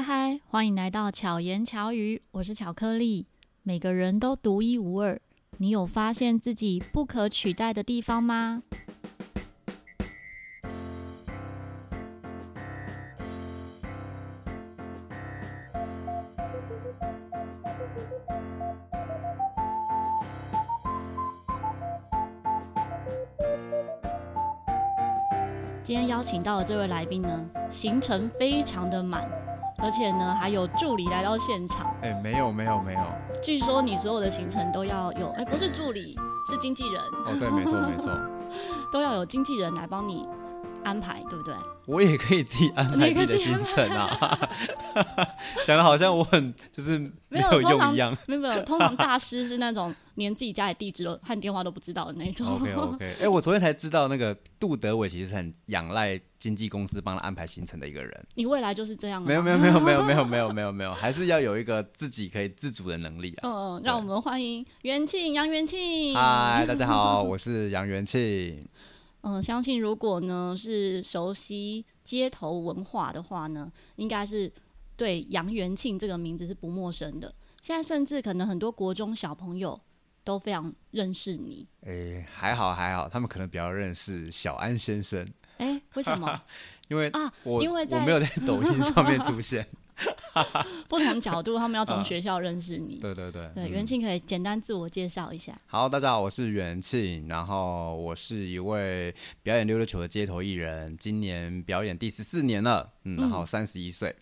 嗨，Hi, 歡迎來到巧言巧語，我是巧克力。每個人都獨一無二，你有發現自己不可取代的地方嗎？今天邀請到的這位來賓呢，行程非常的滿。而且呢，還有助理來到現場。哎，沒有沒有沒有。據說你所有的行程都要有，哎，不是助理，是經紀人。哦，對，沒錯沒錯，都要有經紀人來幫你。安排對不對？我也可以自己安排自己的行程啊，講的好像我很，就是沒有用一樣。沒有。 沒有，通常大師是那種連自己家裡地址和電話都不知道的那種。OK OK，哎、欸，我昨天才知道，那個杜德偉其實很仰賴經紀公司幫他安排行程的一個人。你未來就是這樣沒有？沒有沒有沒有沒有沒有沒有沒有，還是要有一個自己可以自主的能力啊。嗯嗯，嗯對讓我們歡迎元慶楊元慶。嗨，大家好，我是楊元慶。嗯，相信如果呢是熟悉街頭文化的話呢，應該是對楊元慶這個名字是不陌生的。現在甚至可能很多國中小朋友都非常認識你。誒、欸，還好還好，他們可能比較認識小安先生。誒、欸，為什麼？ 因為我啊，我因為 我沒有在抖音上面出現。 不同角度，他們要從學校認識你。呃、對對對，嗯、對，元慶可以簡單自我介紹一下。好，大家好，我是元慶，然後我是一位表演溜溜球的街頭藝人，今年表演第十四年了，嗯，然後三十一歲、嗯，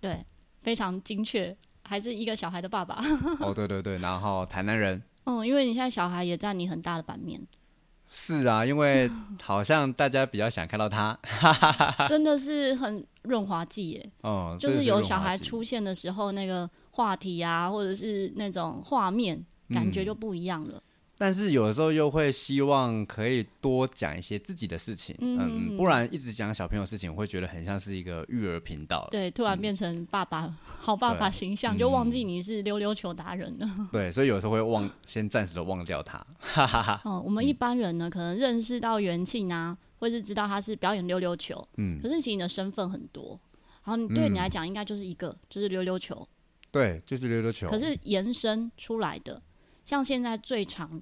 對，非常精確，還是一個小孩的爸爸。 哦，對對對，然後台南人。嗯、哦，因為你現在小孩也占你很大的版面。是啊，因為好像大家比較想看到他， 真的是很潤滑劑耶、欸。哦，是就是有小孩出現的時候，那個話題啊，或者是那種畫面，感覺就不一樣了。嗯但是有的時候又會希望可以多講一些自己的事情，嗯，嗯，不然一直講小朋友事情，我會覺得很像是一個育兒頻道。對，突然變成爸爸、嗯、好爸爸形象，對就忘記你是溜溜球達人了、嗯。對，所以有時候會忘，先暫時的忘掉他。哈 哈哦，我們一般人呢，嗯、可能認識到元慶啊，或是知道他是表演溜溜球，嗯，可是其實你的身份很多，然後對你來講，應該就是一個、嗯、就是溜溜球，對，就是溜溜球。可是延伸出來的，像現在最長。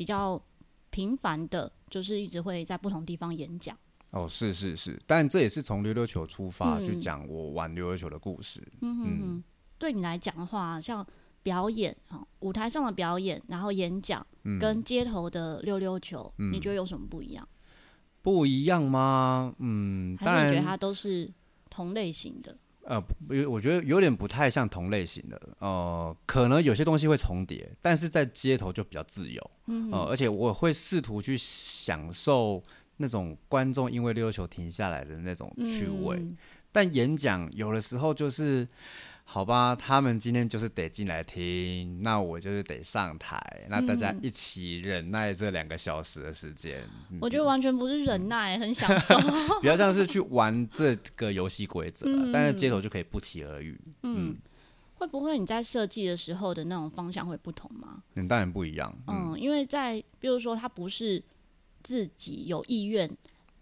比較頻繁的，就是一直會在不同地方演講。哦，是是是，但這也是從溜溜球出發去講我玩溜溜球的故事。嗯，嗯，嗯，對你來講的話，像表演、哦、舞台上的表演，然後演講，嗯、跟街頭的溜溜球，你覺得有什麼不一樣？嗯、不一樣嗎？嗯，還是你覺得它都是同類型的？呃，我覺得有點不太像同類型的，呃，可能有些東西會重疊，但是在街頭就比較自由，嗯、呃，而且我會試圖去享受那種觀眾因為溜溜球停下來的那種趣味，嗯、但演講有的時候就是。好吧，他們今天就是得進來聽，那我就是得上台，那大家一起忍耐這兩個小時的時間。嗯嗯、我覺得完全不是忍耐，嗯、很享受， 比較像是去玩這個遊戲規則，嗯、但是街頭就可以不期而遇。嗯，嗯會不會你在設計的時候的那種方向會不同嗎？嗯，當然不一樣，嗯，嗯因為在比如說他不是自己有意願。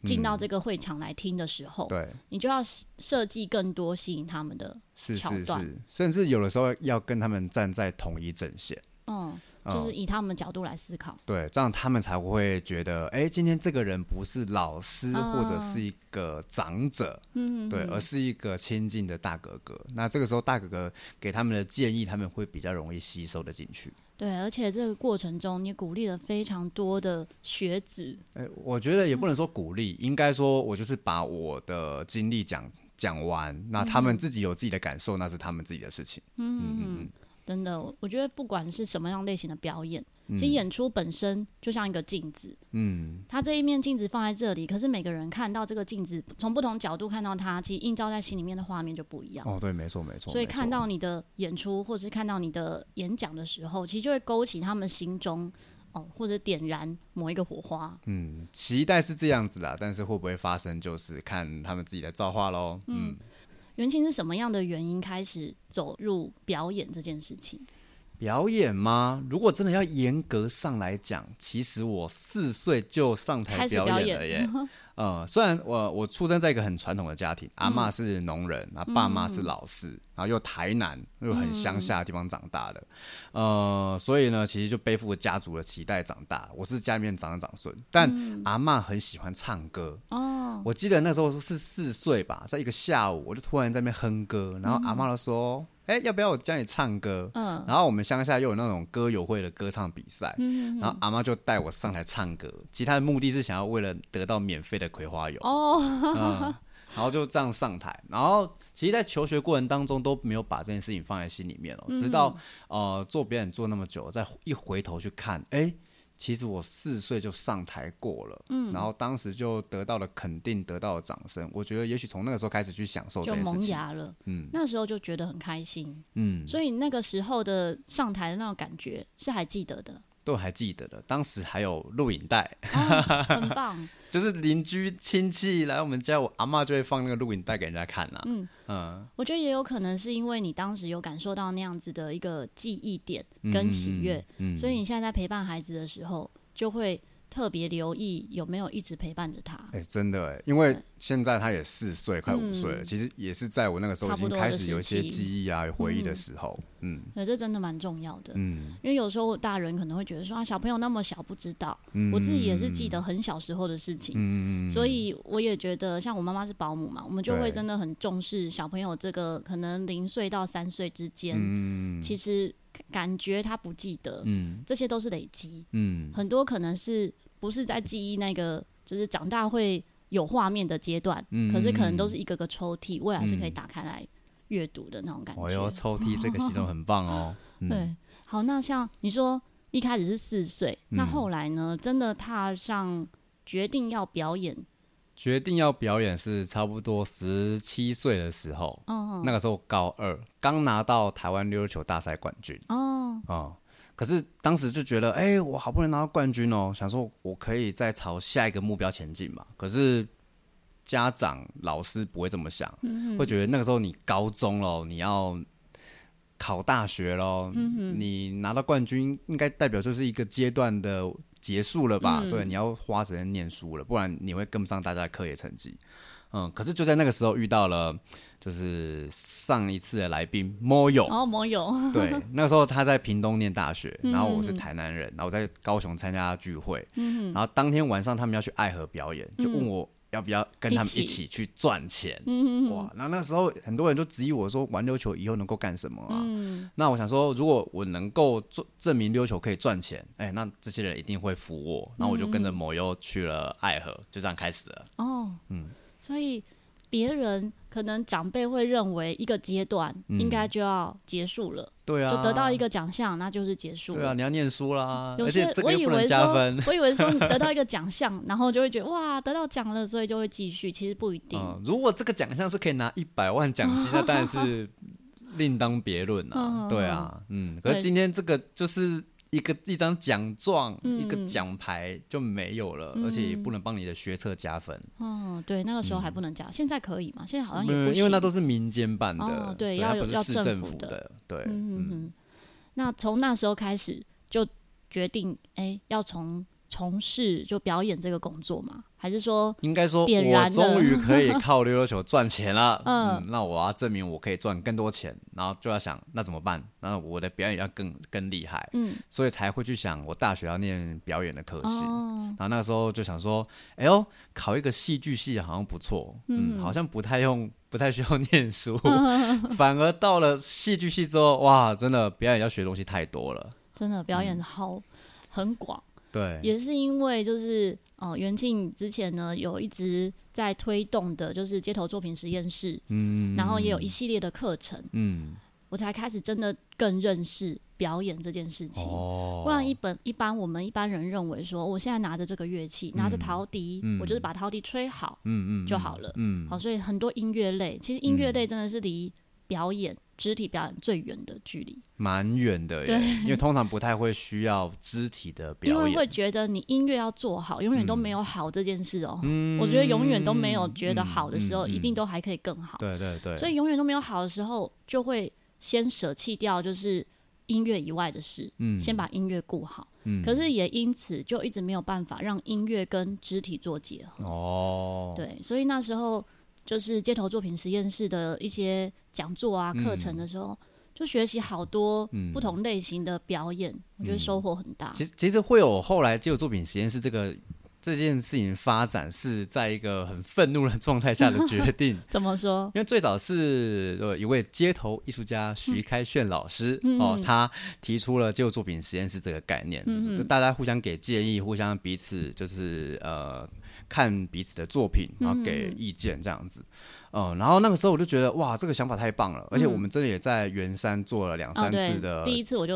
進到這個會場來聽的時候，嗯、對你就要設計更多吸引他們的橋段。是是是，甚至有的時候要跟他們站在同一陣線，嗯。就是以他們的角度來思考，嗯，對，這樣他們才會覺得，哎，今天這個人不是老師或者是一個長者，啊、嗯哼哼，對，而是一個親近的大哥哥。那這個時候大哥哥給他們的建議，他們會比較容易吸收的進去。對，而且這個過程中，你鼓勵了非常多的學子。誒，我覺得也不能說鼓勵，嗯、應該說我就是把我的經歷講講完，那他們自己有自己的感受，那是他們自己的事情。嗯哼哼嗯嗯。真的，我覺得不管是什麼樣類型的表演，嗯、其實演出本身就像一個鏡子。嗯，它這一面鏡子放在這裡，可是每個人看到這個鏡子，從不同角度看到它，其實映照在心裡面的畫面就不一樣。哦，對，沒錯，沒錯。所以看到你的演出，沒錯，或者是看到你的演講的時候，其實就會勾起他們心中哦，或者點燃某一個火花。嗯，期待是這樣子啦，但是會不會發生，就是看他們自己的造化嘍。嗯。嗯元慶是什麼樣的原因開始走入表演這件事情？表演嗎？如果真的要嚴格上來講，其實我四歲就上台表演了耶。呃、 嗯，雖然我我出生在一個很傳統的家庭，阿嬤是農人，啊爸媽是老師，嗯、然後又台南又很鄉下的地方長大的，嗯、呃，所以呢，其實就背負家族的期待長大。我是家裡面長的長孫，但阿嬤很喜歡唱歌哦。嗯、我記得那時候是四歲吧，在一個下午，我就突然在那邊哼歌，然後阿嬤就說。嗯欸、要不要我教你唱歌？嗯，然後我們鄉下又有那種歌友會的歌唱比賽，嗯哼哼，然後阿嬤就帶我上台唱歌。其實她的目的是想要為了得到免費的葵花油哦、 嗯，然後就這樣上台。然後其實，在求學過程當中都沒有把這件事情放在心裡面哦，嗯、哼直到做、呃、表演做那麼久，再一回頭去看，欸其實我四歲就上台過了，嗯，然後當時就得到了肯定，得到了掌聲。我覺得也許從那個時候開始去享受這件事情，就萌芽了，嗯，那時候就覺得很開心，嗯，所以那個時候的上台的那種感覺是還記得的，都還記得的。當時還有錄影帶，啊，很棒。 就是鄰居親戚來我們家，我阿嬤，就會放那個錄影帶給人家看啦、啊。嗯嗯，嗯，我覺得也有可能是因為你當時有感受到那樣子的一個記憶點跟喜悅，嗯嗯嗯、所以你現在在陪伴孩子的時候就會。特別留意有沒有一直陪伴着他。哎、欸，真的，對因為現在他也四歲，嗯、快五歲了。其實也是在我那個時候已經開始有一些記憶啊、嗯、有回憶的時候。嗯，這真的蠻重要的。嗯，因為有時候大人可能會覺得說啊，小朋友那麼小不知道。嗯、我自己也是記得很小時候的事情。嗯、所以我也覺得，像我媽媽是保姆嘛，我們就會真的很重視小朋友這個可能零歲到三歲之間。嗯、其實。感覺他不記得，嗯，這些都是累積，嗯，很多可能是不是在記憶那個，就是長大會有畫面的階段，嗯，可是可能都是一個個抽屜，嗯、未來是可以打開來閱讀的那種感覺。哎、哦、抽屜這個系統很棒哦。 嗯、對，好，那像你說一開始是四歲，嗯、那後來呢，真的踏上決定要表演。決定要表演是差不多十七歲的時候，oh. 那個時候高二剛拿到台灣溜溜球大賽冠軍。哦、oh. 嗯，可是當時就覺得，哎、欸，我好不容易拿到冠軍哦，想說我可以再朝下一個目標前進嘛。可是家長、老師不會這麼想，嗯、哼會覺得那個時候你高中了，你要考大學嘍，嗯、哼你拿到冠軍應該代表就是一個階段的。結束了吧？嗯、對，你要花時間念書了，不然你會跟不上大家的課業成績。嗯，可是就在那個時候遇到了，就是上一次的來賓莫勇。莫勇、哦。 對，那個時候他在屏東念大學，然後我是台南人，然後我在高雄參加聚會。嗯，嗯。然後當天晚上他們要去愛河表演，就問我。嗯要不要跟他們一起去賺錢？嗯嗯，哇！那那時候很多人都質疑我說玩溜球以後能夠幹什麼啊？嗯嗯，那我想說，如果我能夠做證明溜球可以賺錢，哎、欸，那這些人一定會服我。那我就跟着某優去了愛河，嗯嗯，就這樣開始了。哦，嗯，所以。別人可能長輩會認為一個階段應該就要結束了，嗯、對啊，就得到一個獎項那就是結束，對啊，你要念書啦。有些我以為說， 我以為說你得到一個獎項， 然後就會覺得哇，得到獎了，所以就會繼續，其實不一定。嗯、如果這個獎項是可以拿一百萬獎金，那 當然是另當別論啊， 對啊，嗯，可是今天這個就是。一個一張獎狀，一、嗯、一個獎牌就沒有了，嗯、而且也不能幫你的學測加分。哦，對，那個時候還不能加，嗯、現在可以嘛？現在好像也不、嗯、因為那都是民間辦的，哦、對，對，要有，他不是市政府的，要政府的。對，嗯嗯嗯。那從那時候開始就決定，哎、欸，要從從事就表演這個工作嘛？還是說，應該說我終於可以靠溜溜球賺錢了，嗯。 嗯，嗯，那我要證明我可以賺更多錢，然後就要想那怎麼辦？那我的表演要更更厲害。嗯，所以才會去想，我大學要念表演的科系，哦。然後那個時候就想說，哎呦，考一個戲劇系好像不錯。嗯，嗯，好像不太用，不太需要念書，嗯、反而到了戲劇系之後，哇，真的表演要學的東西太多了。真的表演好很廣。對，也是因為就是。哦，元慶之前呢有一直在推動的，就是街頭作品實驗室，嗯然後也有一系列的課程，嗯，我才開始真的更認識表演這件事情。哦，不然一本一般我們一般人認為說，我現在拿着這個樂器，拿着陶笛，嗯、我就是把陶笛吹好，嗯就好了，嗯，嗯嗯嗯好，所以很多音樂類，其實音樂類真的是離表演。嗯嗯肢體表演最遠的距離，蠻遠的耶，對因為通常不太會需要肢體的表演。 因為會覺得你音樂要做好，永遠都沒有好這件事哦、喔。嗯、我覺得永遠都沒有覺得好的時候，嗯嗯嗯、一定都還可以更好。對對對，所以永遠都沒有好的時候，就會先捨棄掉就是音樂以外的事，嗯、先把音樂顧好。嗯、可是也因此就一直沒有辦法讓音樂跟肢體做結合。哦，對，所以那時候。就是街頭作品實驗室的一些講座啊、課程、嗯的時候，就學習好多不同類型的表演，嗯、我覺得收穫很大。其實，其實會有後來街頭作品實驗室這個這件事情發展，是在一個很憤怒的狀態下的決定。 怎麼說？因為最早是呃一位街頭藝術家徐開炫老師、嗯、哦，他提出了街頭作品實驗室這個概念，嗯嗯大家互相給建議，互相彼此就是呃。看彼此的作品，然後給意見這樣子，嗯哼、呃，然後那個時候我就覺得哇，這個想法太棒了，嗯、哼而且我們真的也在圓山做了兩三次的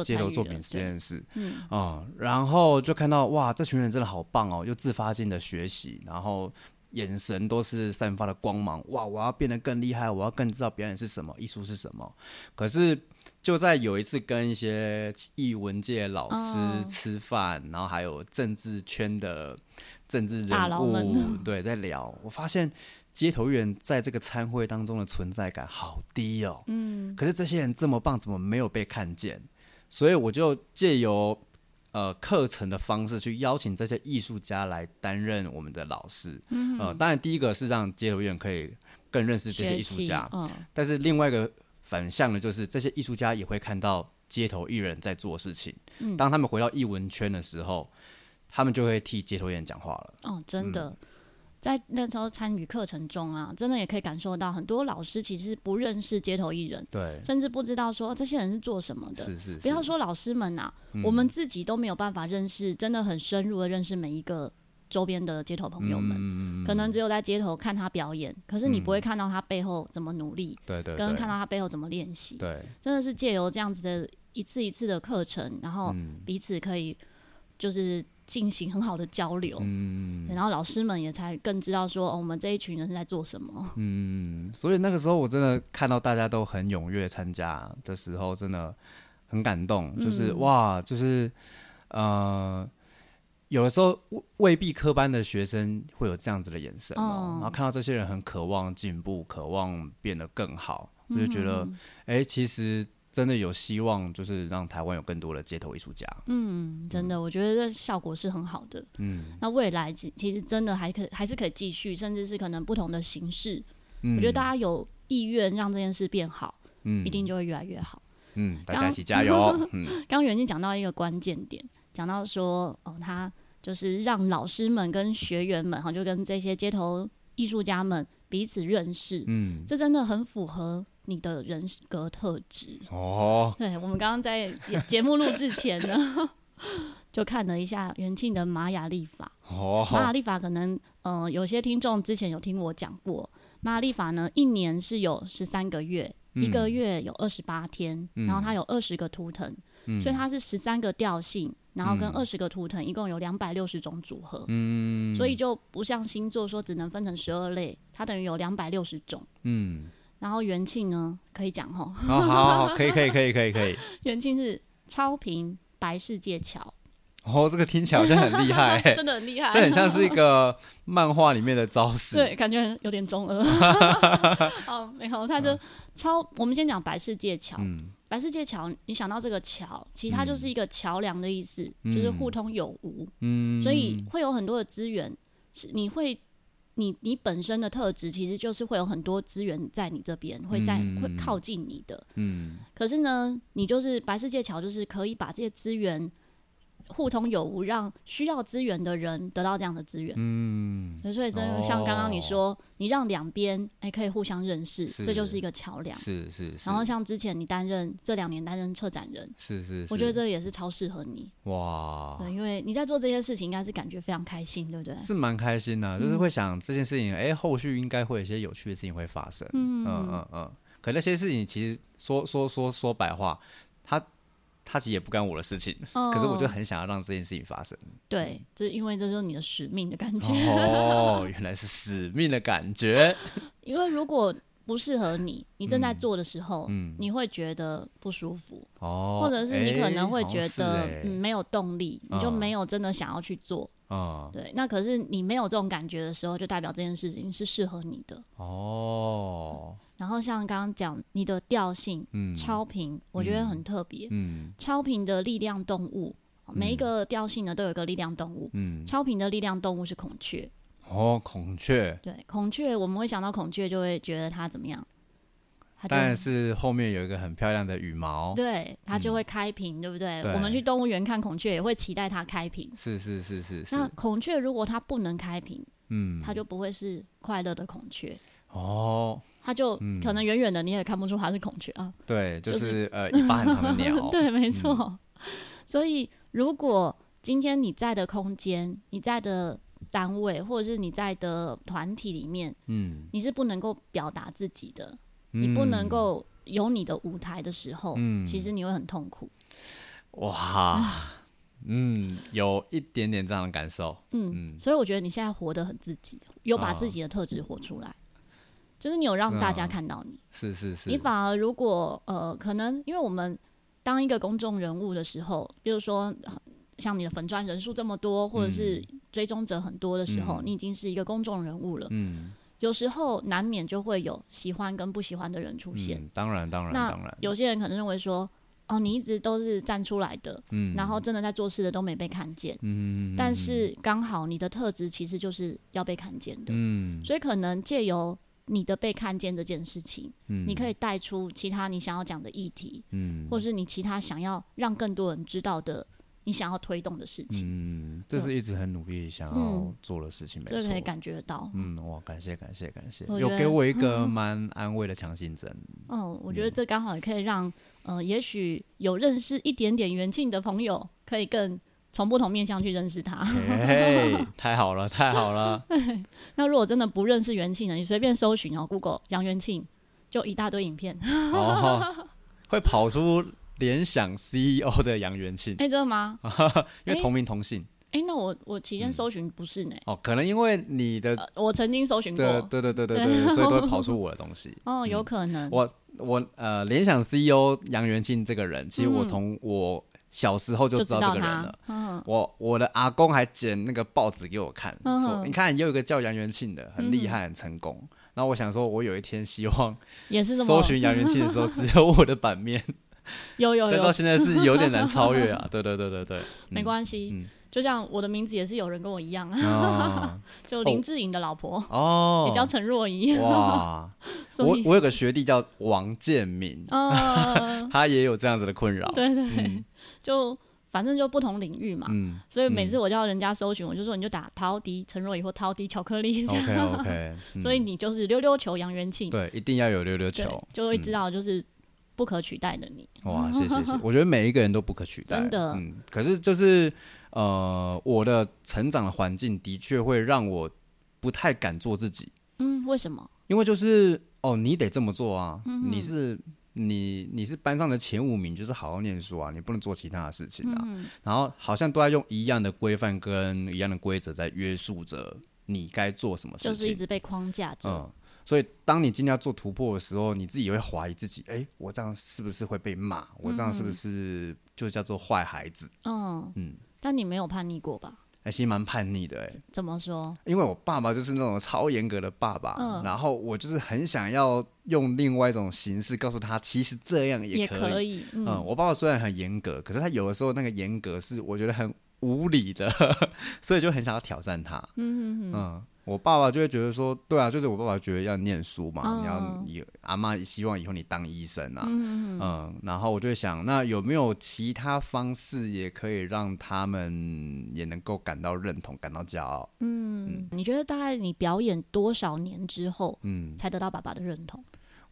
街頭、哦、作品實驗室，嗯，啊、呃，然後就看到哇，這群人真的好棒哦，又自發性的學習，然後眼神都是散發的光芒，哇，我要變得更厲害，我要更知道表演是什麼，藝術是什麼。可是就在有一次跟一些藝文界老師吃飯，哦、然後還有政治圈的。甚至人物人對，在聊，我發現街頭藝人在這個餐會當中的存在感好低哦。嗯，可是這些人這麼棒，怎麼沒有被看見？所以我就藉由呃課程的方式去邀請這些藝術家來擔任我們的老師。嗯哼、呃，當然第一個是讓街頭藝人可以更認識這些藝術家，嗯、但是另外一個反向的就是這些藝術家也會看到街頭藝人在做事情。嗯，當他們回到藝文圈的時候。他們就會替街頭藝人講話了。哦，真的，嗯、在那時候參與課程中啊，真的也可以感受到很多老師其實不認識街頭藝人，對，甚至不知道說，這些人是做什麼的。是，是是。不要說老師們吶、啊，嗯、我們自己都沒有辦法認識，真的很深入的認識每一個周邊的街頭朋友們。嗯、可能只有在街頭看他表演，可是你不會看到他背後怎麼努力。嗯、對，對對。跟看到他背後怎麼練習。對。真的是借由這樣子的一次一次的課程，然後彼此可以就是。進行很好的交流，嗯然後老師們也才更知道說、哦、我們這一群人是在做什麼，嗯嗯。所以那個時候我真的看到大家都很踴躍參加的時候，真的很感動，就是、嗯、哇，就是呃，有的時候未必科班的學生會有這樣子的眼神哦，然後看到這些人很渴望進步，渴望變得更好，我、嗯、就覺得哎、欸，其實。真的有希望，就是讓台灣有更多的街頭藝術家。嗯，真的，我覺得這效果是很好的。嗯，那未來其其實真的還可還是可以繼續，甚至是可能不同的形式。嗯，我覺得大家有意願讓這件事變好，嗯，一定就會越來越好。嗯，剛剛大家一起加油。嗯，剛剛元慶講到一個關鍵點，講到說哦，他就是讓老師們跟學員們哈，好像就跟這些街頭藝術家們彼此認識。嗯，這真的很符合。你的人格特質哦，oh. 對，我們剛剛在節目錄制前呢， 就看了一下元慶的瑪雅曆法。oh. 瑪雅曆法可能呃有些聽眾之前有聽我講過瑪雅曆法呢，一年是有十三個月，嗯、一個月有二十八天，然後它有二十個圖騰，嗯、所以它是十三個調性，然後跟二十個圖騰一共有兩百六十種組合，嗯所以就不像星座說只能分成十二類，它等於有兩百六十種，嗯。然後元慶呢，可以講吼、哦。好好，可以可以可以可以可以。 元慶是超平白世界橋。哦，這個聽起來好像很厲害，欸。 真的很厲害，這很像是一個漫畫裡面的招式。 對，感覺有點中俄。哦，沒有，他就、嗯、超。我們先講白世界橋。嗯、白世界橋，你想到這個橋，其實它就是一個橋樑的意思，嗯、就是互通有無。嗯。所以會有很多的資源，是你會。你你本身的特質其實就是會有很多資源在你這邊，會在會靠近你的。嗯，嗯。可是呢，你就是白世界橋，就是可以把這些資源。互通有無，讓需要資源的人得到這樣的資源。嗯，所以真的像剛剛你說，哦、你讓兩邊哎可以互相認識，是這就是一個橋梁。是是是。是是然後像之前你擔任這兩年擔任策展人，是是，是是我覺得這也是超適合你。哇。對，因為你在做這些事情，應該是感覺非常開心，對不對？是蠻開心的、啊，就是會想這件事情，哎、嗯欸，後續應該會有一些有趣的事情會發生。嗯嗯嗯。嗯嗯嗯可那些事情其實說說說說白話，它。他其實也不干我的事情，哦，可是我就很想要讓這件事情發生。對，這因為這就是你的使命的感覺。哦，原來是使命的感覺。 因為如果。不適合你，你正在做的時候，你會覺得不舒服，或者是你可能會覺得沒有動力，你就沒有真的想要去做。對，那可是你沒有這種感覺的時候，就代表這件事情是適合你的。哦。然後像剛剛講你的調性，超頻，我覺得很特別。嗯。超頻的力量動物，每一個調性呢都有一個力量動物。嗯。超頻的力量動物是孔雀。哦，孔雀。對，孔雀，我們會想到孔雀，就會覺得它怎麼樣？當然是後面有一個很漂亮的羽毛。對，它就會開屏，對不對？我們去動物園看孔雀，也會期待它開屏。是是是是是。那孔雀如果它不能開屏，嗯，它就不會是快樂的孔雀。哦。它就可能遠遠的你也看不出它是孔雀啊。對，就是呃，尾巴很長的鳥。對，沒錯。所以，如果今天你在的空間，你在的。單位，或者是你在的團體裡面，嗯，你是不能夠表達自己的，嗯、你不能夠有你的舞台的時候，嗯，其實你會很痛苦。哇， 嗯，有一點點這樣的感受，嗯，嗯，所以我覺得你現在活得很自己，有把自己的特質活出來，哦、就是你有讓大家看到你，嗯、是是是，你反而如果呃，可能因為我們當一個公眾人物的時候，比如說像你的粉專人數這麼多，或者是。嗯追蹤者很多的時候，嗯、你已經是一個公眾人物了。嗯、有時候難免就會有喜歡跟不喜歡的人出現。嗯、當然，當然，那有些人可能認為說，哦，你一直都是站出來的，嗯、然後真的在做事的都沒被看見。嗯、但是剛好你的特質其實就是要被看見的。嗯、所以可能借由你的被看見這件事情，嗯、你可以帶出其他你想要講的議題，嗯、或是你其他想要讓更多人知道的。你想要推動的事情，嗯，這是一直很努力對想要做的事情沒錯，沒錯、嗯，可以感覺到。嗯，哇，感謝感謝感謝，感謝有給我一個蠻安慰的強心針。嗯,嗯、哦，我覺得這剛好也可以讓，嗯、呃，也許有認識一點點元慶的朋友，可以更從不同面向去認識他。嘿嘿太好了，太好了嘿嘿。那如果真的不認識元慶呢？你隨便搜尋哦，Google 楊元慶就一大堆影片，哦、會跑出。聯想 CEO 的楊元慶，哎，真的嗎？因為同名同姓。哎，那我我提前搜尋不是呢？哦，可能因為你的我曾經搜尋過，對對對對對，所以都會跑出我的東西。哦，有可能。我我呃，聯想 CEO 楊元慶這個人，其實我從我小時候就知道這個人了。嗯，我我的阿公還剪那個報紙給我看，說你看又一個叫楊元慶的，很厲害，很成功。然後我想說，我有一天希望搜尋楊元慶的時候，只有我的版面。有有有，到現在是有點難超越啊！對對對對對，沒關係，就像我的名字也是有人跟我一樣，就林志穎的老婆哦，也叫陳若儀哇。我我有個學弟叫王建民，他也有這樣子的困擾。對對，就反正就不同領域嘛，所以每次我叫人家搜尋，我就說你就打陶迪、陳若儀或陶迪巧克力這樣。OK OK。所以你就是溜溜球楊元慶，對，一定要有溜溜球，就會知道就是。不可取代的你，哇！謝謝謝，我覺得每一個人都不可取代， 真的。嗯，可是就是呃，我的成長環境的確會讓我不太敢做自己。嗯，為什麼？因為就是哦，你得這麼做啊，嗯、哼你是你你是班上的前五名，就是好好念書啊，你不能做其他的事情啊。嗯、哼然後好像都在用一樣的規範跟一樣的規則在約束着你該做什麼事情，就是一直被框架着。嗯所以，當你今天要做突破的時候，你自己也會懷疑自己。哎、欸，我這樣是不是會被罵？我這樣是不是就叫做壞孩子？嗯嗯，嗯但你沒有叛逆過吧？還是蠻叛逆的哎、欸。怎麼說？因為我爸爸就是那種超嚴格的爸爸，嗯、然後我就是很想要用另外一種形式告訴他，其實這樣也可以。也可以嗯，嗯，我爸爸雖然很嚴格，可是他有的時候那個嚴格是我覺得很無理的， 所以就很想要挑戰他。嗯嗯嗯。我爸爸就會覺得說，對啊，就是我爸爸覺得要念書嘛，然後、嗯、你阿媽希望以後你當醫生啊，嗯、嗯，然後我就想，那有沒有其他方式也可以讓他們也能夠感到認同、感到驕傲？嗯，嗯，你覺得大概你表演多少年之後，嗯，才得到爸爸的認同？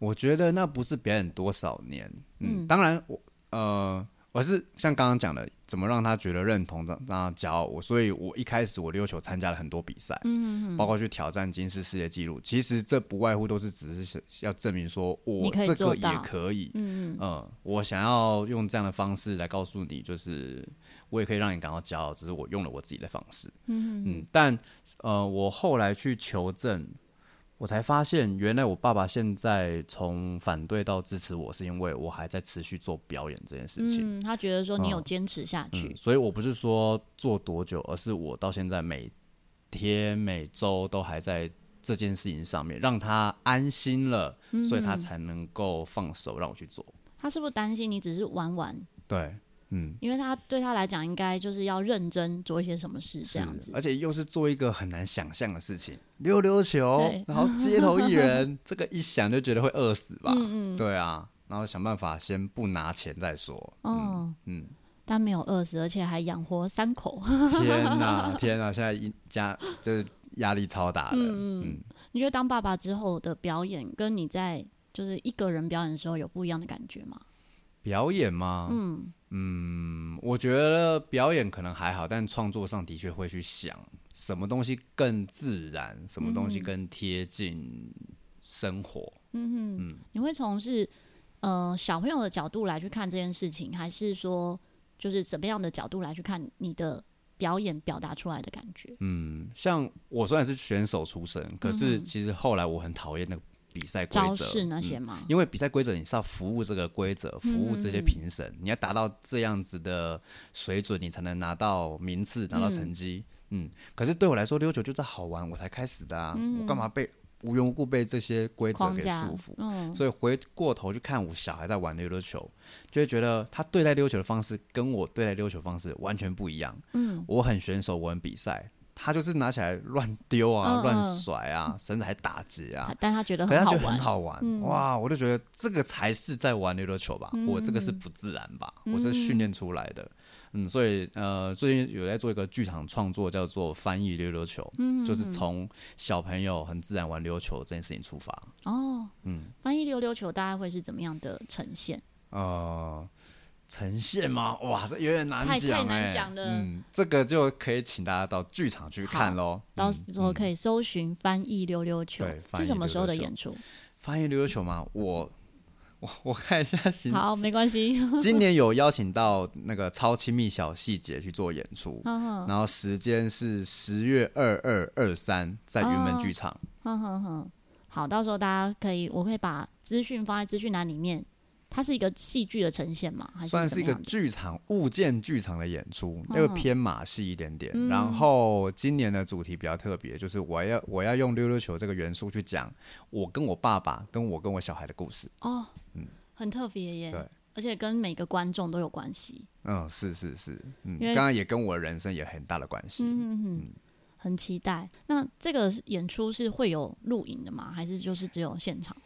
我覺得那不是表演多少年，嗯，嗯，當然我呃。我是像剛剛講的，怎麼讓他覺得認同，讓他驕傲。我，所以我一開始我溜球參加了很多比賽，嗯哼哼，包括去挑戰金氏世，世界紀錄。其實這不外乎都是只是要證明說我這個也可以，可以嗯，嗯我想要用這樣的方式來告訴你，就是我也可以讓你感到驕傲，只是我用了我自己的方式，嗯，哼哼嗯。但呃，我後來去求證。我才發現，原來我爸爸現在從反對到支持我，是因為我還在持續做表演這件事情。嗯，他覺得說你有堅持下去。嗯，所以，我不是說做多久，而是我到現在每天每週都還在這件事情上面，讓他安心了，所以他才能夠放手讓我去做。嗯，他是不是擔心你只是玩玩？對。嗯，因為他對他來講，應該就是要認真做一些什麼事這樣子，而且又是做一個很難想象的事情，溜溜球，對然後街頭藝人， 這個一想就覺得會餓死吧，嗯，嗯，對啊，然後想辦法先不拿錢再說，嗯、哦、嗯，但沒有餓死，而且還養活三口， 天吶、啊、天吶、啊，現在一家就是壓力超大的，嗯，嗯，嗯，你覺得當爸爸之後的表演，跟你在就是一個人表演的時候有不一樣的感覺嗎？表演嗎？嗯嗯，我覺得表演可能還好，但創作上的確會去想什麼東西更自然，什麼東西更貼近生活。嗯哼，嗯，你會從是嗯、呃、小朋友的角度來去看這件事情，還是說就是怎麼樣的角度來去看你的表演表達出來的感覺？嗯，像我雖然是選手出身，可是其實後來我很討厭那個。比賽規則是那些嗎？嗯、因為比賽規則你是要服務這個規則，服務這些評審，嗯、你要達到這樣子的水準，你才能拿到名次，拿到成績。嗯，嗯，可是對我來說，溜球就是好玩，我才開始的啊！嗯、我幹嘛被無緣無故被這些規則給束縛？嗯、所以回過頭去看我小孩在玩溜溜球，就會覺得他對待溜球的方式跟我對待溜球的方式完全不一樣。嗯，我很選手，我很比賽。他就是拿起來亂丟啊，嗯、亂甩啊，甚至、嗯、還打結啊。但他覺得很好玩，很好玩。嗯、哇！我就覺得這個才是在玩溜溜球吧，嗯、我這個是不自然吧，嗯、我是訓練出來的。嗯，所以呃，最近有在做一個劇場創作，叫做《翻譯溜溜球》嗯，就是從小朋友很自然玩溜球這件事情出發。哦，嗯，翻譯溜溜球大概會是怎麼樣的呈現？哦、呃。呈現嗎？哇，這有點難講，欸，太太難講了。嗯，這個就可以請大家到劇場去看嘍。到時候可以搜尋“翻譯溜溜球”，對，是什麼時候的演出？“翻譯溜溜球”嗎？我我我看一下行，好，沒關係。 今年有邀請到那個超親密小細節去做演出，嗯 然後時間是十月二二二三，在雲門劇場，嗯、啊啊啊啊、好，到時候大家可以，我會把資訊放在資訊欄裡面。它是一個戲劇的呈現嘛，還是算是一個劇場物件劇場的演出，就偏馬戲一點點。哦嗯、然後今年的主題比較特別，就是我要我要用溜溜球這個元素去講我跟我爸爸、跟我跟我小孩的故事。哦，嗯，很特別耶。對，而且跟每個觀眾都有關係。嗯，是是是，嗯、因為剛剛也跟我的人生有很大的關係。嗯嗯嗯，很期待。那這個演出是會有錄影的嗎？還是就是只有現場？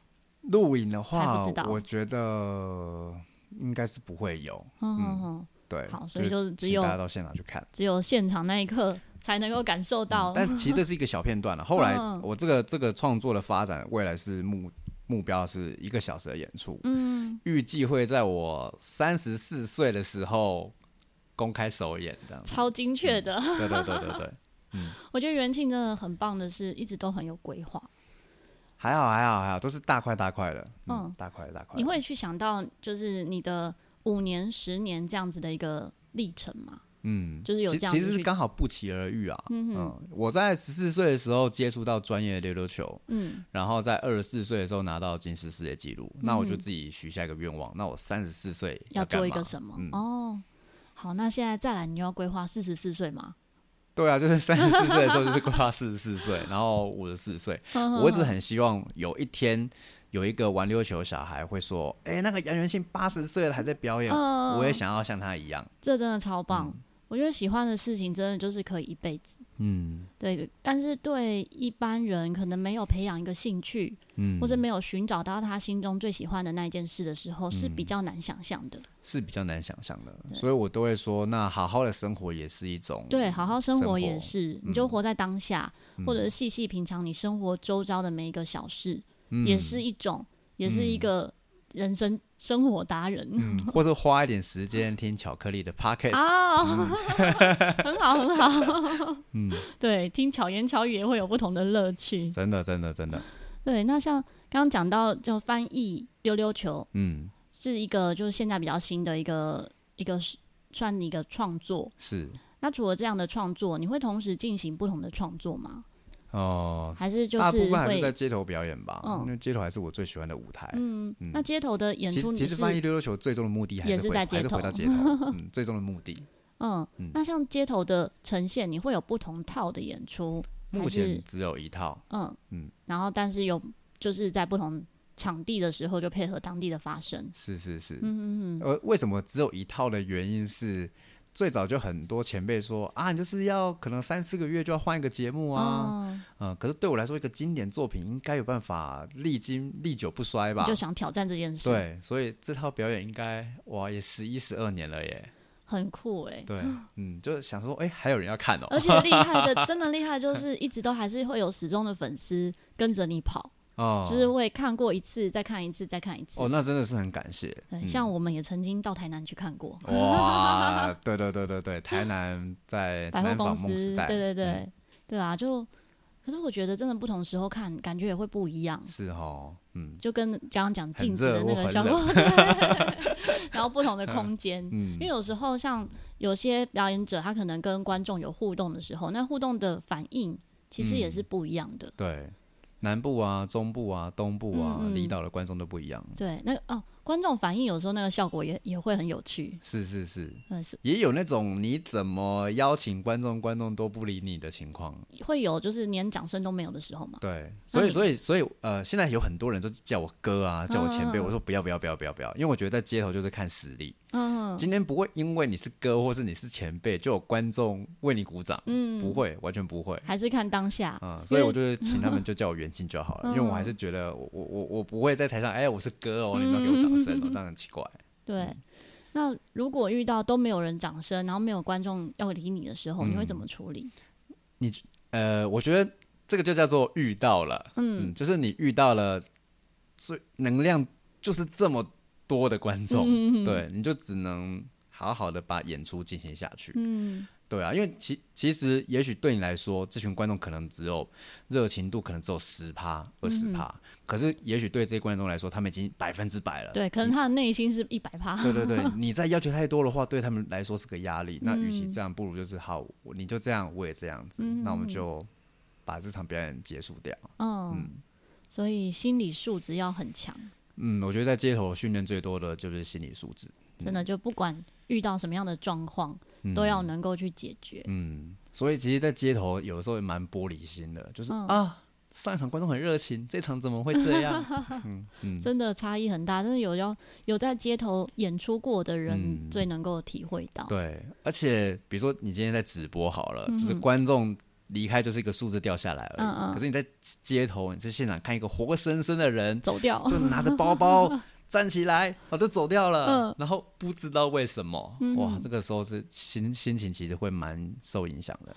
錄影的話，我覺得應該是不會有。呵呵呵嗯，嗯對。好，所以就是只有大家到現場去看，只有現場那一刻才能夠感受到、嗯。但其實這是一個小片段了。 後來我這個這個創作的發展，未來是目目標是一個小時的演出。嗯，預計會在我三十四歲的時候公開首演，這樣子超精確的、 嗯。對對對對對。嗯，我覺得元慶真的很棒的是，是一直都很有規劃。還好，還好，還好，都是大塊大塊的，嗯，哦、大塊大塊。你會去想到，就是你的五年、十年這樣子的一個歷程嗎？嗯，就是有這樣。其實是剛好不期而遇啊。嗯哼嗯，我在十四歲的時候接觸到專業溜溜球，嗯，然後在二十四歲的時候拿到金氏世界紀錄，嗯、那我就自己許下一個願望，那我三十四歲要做一個什麼？嗯、哦，好，那現在再來，你又要規劃四十四歲嗎？對啊，就是三十四歲的時候就是過到四十四歲， 然後五十四歲。 我一直很希望有一天有一個玩溜球小孩會說：“哎、 欸，那個楊元慶八十歲了還在表演，呃、我也想要像他一樣。”這真的超棒！嗯、我覺得喜歡的事情真的就是可以一輩子。嗯，對，但是對一般人可能沒有培養一個興趣，嗯、或者沒有尋找到他心中最喜歡的那一件事的時候，嗯、是比較難想象的，是比較難想象的。對所以我都會說，那好好的生活也是一種對，好好生活也是，嗯、你就活在當下，嗯、或者細細品嘗你生活周遭的每一個小事，嗯、也是一種，也是一個人生。生活達人，嗯，或者花一點時間聽巧克力的 podcast，很好很好， 嗯，對，聽巧言巧語也會有不同的樂趣，真的真的真的，對，那像剛剛講到就翻譯溜溜球，嗯，是一個就是現在比較新的一個一個算一個創作是，那除了這樣的創作，你會同時進行不同的創作嗎？哦，還是就是大部分還是在街頭表演吧，嗯，因為街頭還是我最喜歡的舞台，嗯嗯。那街頭的演出其實翻譯溜溜球最終的目的還是在街頭，嗯，最終的目的。嗯嗯。那像街頭的呈現，你會有不同套的演出？目前只有一套，嗯嗯。然後，但是有就是在不同場地的時候，就配合當地的發生。是是是，嗯嗯嗯。呃，為什麼只有一套的原因是？最早就很多前輩說啊，你就是要可能三四個月就要換一個節目啊，嗯,嗯，可是對我來說，一個經典作品應該有辦法歷經歷久不衰吧？就想挑戰這件事。對，所以這套表演應該哇，也十一十二年了耶，很酷哎、欸。對，嗯，就想說哎、欸，還有人要看哦、喔。而且厲害的，真的厲害，就是一直都還是會有始終的粉絲跟着你跑。哦、就是我也看過一次，再看一次，再看一次。哦，那真的是很感謝。對嗯、像我們也曾經到台南去看過。哇 對對對對對，台南在南紡夢時代，百貨公司，對對對，嗯、對啊，就可是我覺得真的不同時候看，感覺也會不一樣。是哦，嗯，就跟剛剛講近視的那個效果。 然後不同的空間，嗯、因為有時候像有些表演者，他可能跟觀眾有互動的時候，那互動的反應其實也是不一樣的。嗯、對。南部啊，中部啊，東部啊，離島、嗯嗯、的觀眾都不一樣。對，那個哦。觀眾反應有時候那個效果也也會很有趣，是是是，嗯是，也有那種你怎麼邀請觀眾，觀眾都不理你的情況，會有就是連掌聲都沒有的時候嘛？對，所以所以所以呃，現在有很多人都叫我哥啊，叫我前輩，我說不要不要不要不要不要，因為我覺得在街頭就是看實力，嗯，今天不會因為你是哥或是你是前輩就有觀眾為你鼓掌，嗯，不會，完全不會，還是看當下，嗯，所以我就請他們就叫我元慶就好了，因為我還是覺得我我我不會在台上，哎，我是哥哦，你們要給我掌。這樣、嗯、很奇怪。對，那如果遇到都沒有人掌聲，然後沒有觀眾要理你的時候，你會怎麼處理？嗯、你呃，我覺得這個就叫做遇到了，嗯，嗯，就是你遇到了最能量就是這麼多的觀眾，嗯、哼哼對，你就只能好好的把演出進行下去，嗯。對啊，因為其其實也許對你來說，這群觀眾可能只有熱情度，可能只有十趴，二十趴。嗯、哼可是，也許對這些觀眾來說，他們已經百分之百了。對，可能他的內心是一百趴。對對對， 你再要求太多的話，對他們來說是個壓力。嗯、那與其這樣，不如就是好，你就這樣，我也這樣子。嗯、那我們就把這場表演結束掉。嗯，嗯所以心理素質要很強。嗯，我覺得在街頭訓練最多的就是心理素質。嗯、真的，就不管遇到什麼樣的狀況。都要能夠去解決嗯。嗯，所以其實，在街頭有的時候也蠻玻璃心的，就是、嗯、啊，上一場觀眾很熱情，這場怎麼會這樣？ 嗯、真的差異很大。但是有要有在街頭演出過的人，最能夠體會到、嗯。對，而且比如說你今天在直播好了，嗯、哼就是觀眾離開就是一個數字掉下來了。嗯嗯可是你在街頭，你在現場看一個活生生的人走掉，就拿着包包。 站起來，我就走掉了。嗯、呃，然後不知道為什麼，嗯、哇，這個時候是心心情其實會蠻受影響的。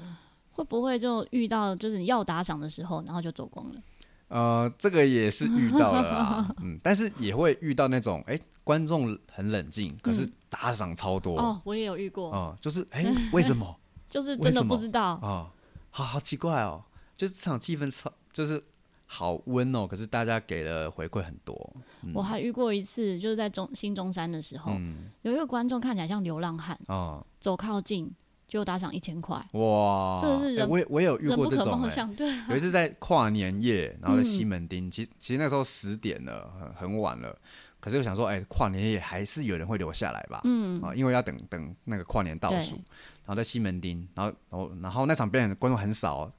會不會就遇到就是你要打賞的時候，然後就走光了？呃，這個也是遇到了啊。 嗯，但是也會遇到那種，哎、欸，觀眾很冷靜，可是打賞超多、嗯。哦，我也有遇過。啊、呃，就是哎、欸，為什麼、欸？就是真的不知道啊、呃，好好奇怪哦。就是這場氣氛超，就是。好溫哦，可是大家給了回饋很多。嗯、我還遇過一次，就是在中新中山的時候，嗯、有一個觀眾看起來像流浪漢，哦、走靠近就打賞一千塊，哇，真的是人、欸、我我有遇過這種、欸。啊、有一次在跨年夜，然後在西門町，嗯、其實其實那時候十點了，很很晚了，可是我想說，哎、欸，跨年夜還是有人會留下來吧，嗯啊，因為要等等那個跨年倒數，對然後在西門町，然後然後,然後那場表演觀眾很少。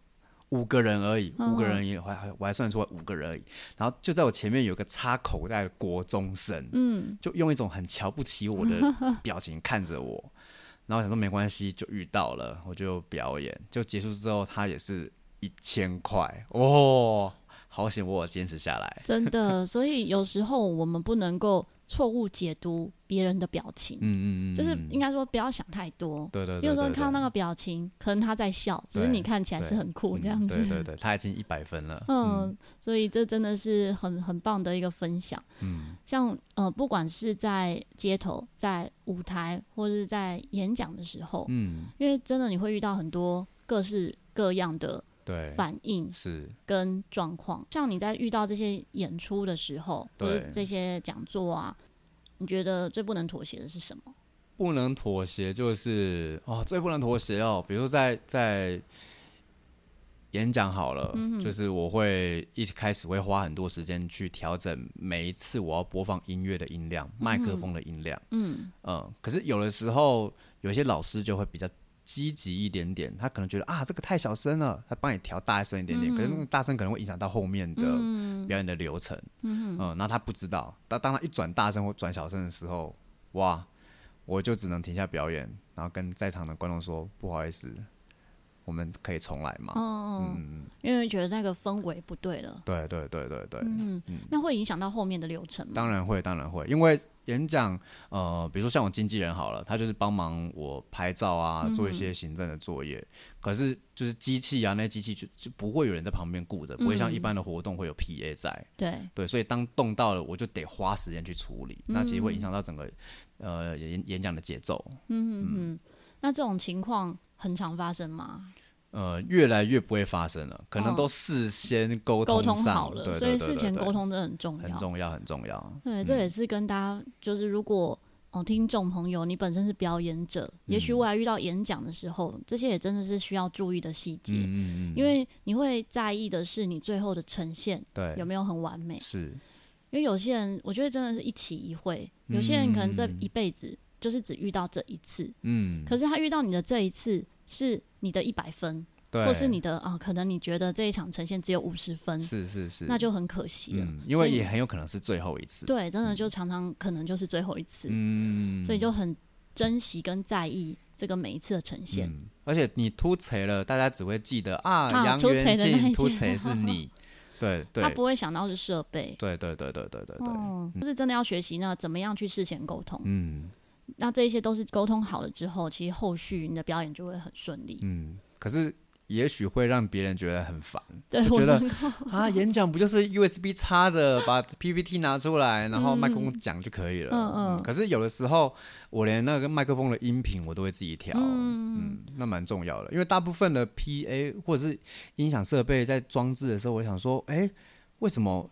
五個人而已，五個人也還、嗯、我還算出來五個人而已。然後就在我前面有一個插口袋的國中生，嗯，就用一種很瞧不起我的表情看着我。 然後我想說沒關係，就遇到了，我就表演。就結束之後，他也是一千塊哦，好險我堅持下來。真的， 所以有時候我們不能夠。錯誤解讀別人的表情，嗯嗯嗯嗯，就是應該說不要想太多。對對對，對對對，有時候看到那個表情，可能他在笑，只是你看起來是很酷，對對對，這樣子，嗯。對對對，他已經一百分了。嗯，嗯，所以這真的是很很棒的一個分享。嗯，像，呃，不管是在街頭、在舞台，或是在演講的時候，嗯，因為真的你會遇到很多各式各樣的。對反應跟狀況是跟狀況，像你在遇到這些演出的時候，或者對這些講座啊，你覺得最不能妥協的是什麼？不能妥協就是哦，最不能妥協哦，比如說在在演講好了，嗯、哼就是我會一開始會花很多時間去調整每一次我要播放音樂的音量、麥、嗯、哼克風的音量，嗯哼嗯，嗯，可是有的時候有些老師就會比較。積極一點點，他可能覺得啊，這個太小聲了，他幫你調大聲一點點，嗯、哼可是那種大聲可能會影響到後面的表演的流程，嗯那哼、嗯、他不知道，當他一轉大聲或轉小聲的時候，哇，我就只能停下表演，然後跟在場的觀眾說不好意思。我們可以重來嘛？哦哦，嗯嗯，因為覺得那個氛圍不對了。對對對對對。嗯嗯。嗯，那會影響到後面的流程嗎？當然會，當然會。因為演講，呃，比如說像我經紀人好了，他就是幫忙我拍照啊，做一些行政的作業。嗯、哼可是就是機器啊，那些機器就就不會有人在旁邊顧着，不會像一般的活動會有 P A 在。對、嗯哼。對，所以當動到了，我就得花時間去處理，嗯、哼那其實會影響到整個呃演演講的節奏。嗯哼哼嗯。嗯那這種情況很常發生嗎？呃，越來越不會發生了，可能都事先溝通上、哦、溝通好了，對對對對對，所以事前溝通真的很重要，很重要，很重要，很重要。對，這也是跟大家，嗯、就是如果哦，聽眾朋友，你本身是表演者，也許未來遇到演講的時候，嗯、這些也真的是需要注意的細節，嗯嗯，嗯嗯，因為你會在意的是你最後的呈現，對，有沒有很完美？是，因為有些人，我覺得真的是一起一會，有些人可能這一輩子嗯嗯。嗯就是只遇到這一次，嗯，可是他遇到你的這一次是你的一百分，對，或是你的啊，可能你覺得這一場呈現只有五十分，是是是，那就很可惜了，因為也很有可能是最後一次，對，真的就常常可能就是最後一次，嗯，所以就很珍惜跟在意這個每一次的呈現，而且你凸槌了，大家只會記得啊，楊元慶凸槌是你，對對，他不會想到是設備，對對對對對對對，就是真的要學習呢，怎麼樣去事前溝通，嗯。那這些都是溝通好了之後，其實後續你的表演就會很順利。嗯，可是也許會讓別人覺得很煩。對，我覺得我能啊， 演講不就是 USB 插着，把 PPT 拿出來，然後麥克風講就可以了。嗯嗯。嗯嗯可是有的時候，我連那個麥克風的音頻我都會自己調。嗯嗯。那蠻重要的，因為大部分的 PA 或者是音響設備在裝置的時候，我想說，哎、欸，為什麼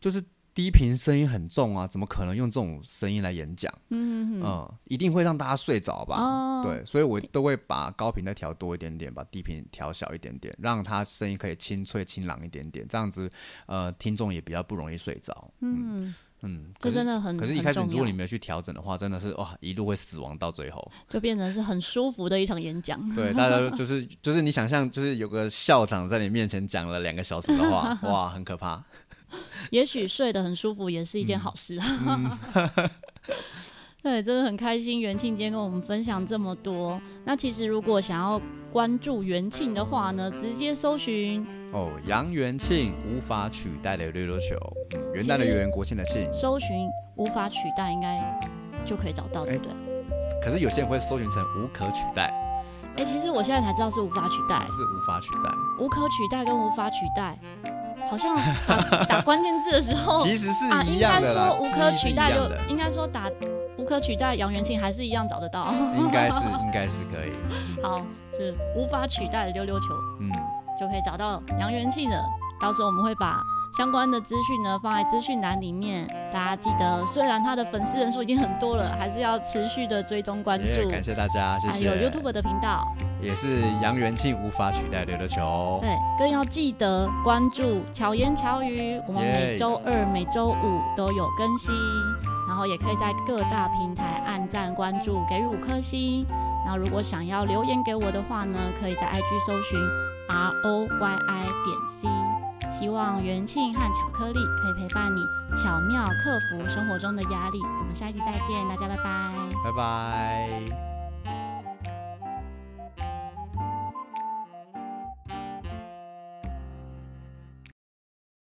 就是？低頻聲音很重啊，怎麼可能用這種聲音來演講？嗯嗯，一定會讓大家睡着吧？哦、對，所以我都會把高頻再調多一點點，把低頻調小一點點，讓它聲音可以清脆、清朗一點點，這樣子，呃，聽眾也比較不容易睡着。嗯嗯，這、嗯、真的很可是，一開始如果你沒有去調整的話，真的是哇，一路會死亡到最後，就變成是很舒服的一場演講。對，大家就是就是你想象，就是有個校長在你面前講了兩個小時的話， 哇，很可怕。 也許睡得很舒服也是一件好事、嗯。 對，真的很開心元慶今天跟我們分享這麼多。那其實如果想要關注元慶的話呢，直接搜尋哦，楊元慶無法取代的溜溜球，元旦的元國慶的慶。搜尋無法取代應該就可以找到，對不對、欸？可是有些人會搜尋成無可取代。哎、欸，其實我現在才知道是無法取代，是無法取代，無可取代跟無法取代。好像打打關鍵字的時候， 其實是一樣的，啊，應該說無可取代，就應該說打無可取代，楊元慶還是一樣找得到， 應該是應該是可以。好，是無法取代的溜溜球，嗯，就可以找到楊元慶的，到時候我們會把。相關的資訊呢，放在資訊欄裡面，大家記得。嗯、雖然他的粉絲人數已經很多了，還是要持續的追蹤關注。感謝大家，謝謝。啊、有 YouTube 的頻道，也是楊元慶無法取代溜溜球。對，更要記得關注巧言巧語，我們每週二、耶每週五都有更新。然後也可以在各大平台按讚關注，給予五顆星。然後如果想要留言給我的話呢，可以在 IG 搜尋 R O Y I 點 C。希望元慶和巧克力可以陪伴你，巧妙克服生活中的壓力。我們下一期再見，大家拜拜，拜拜。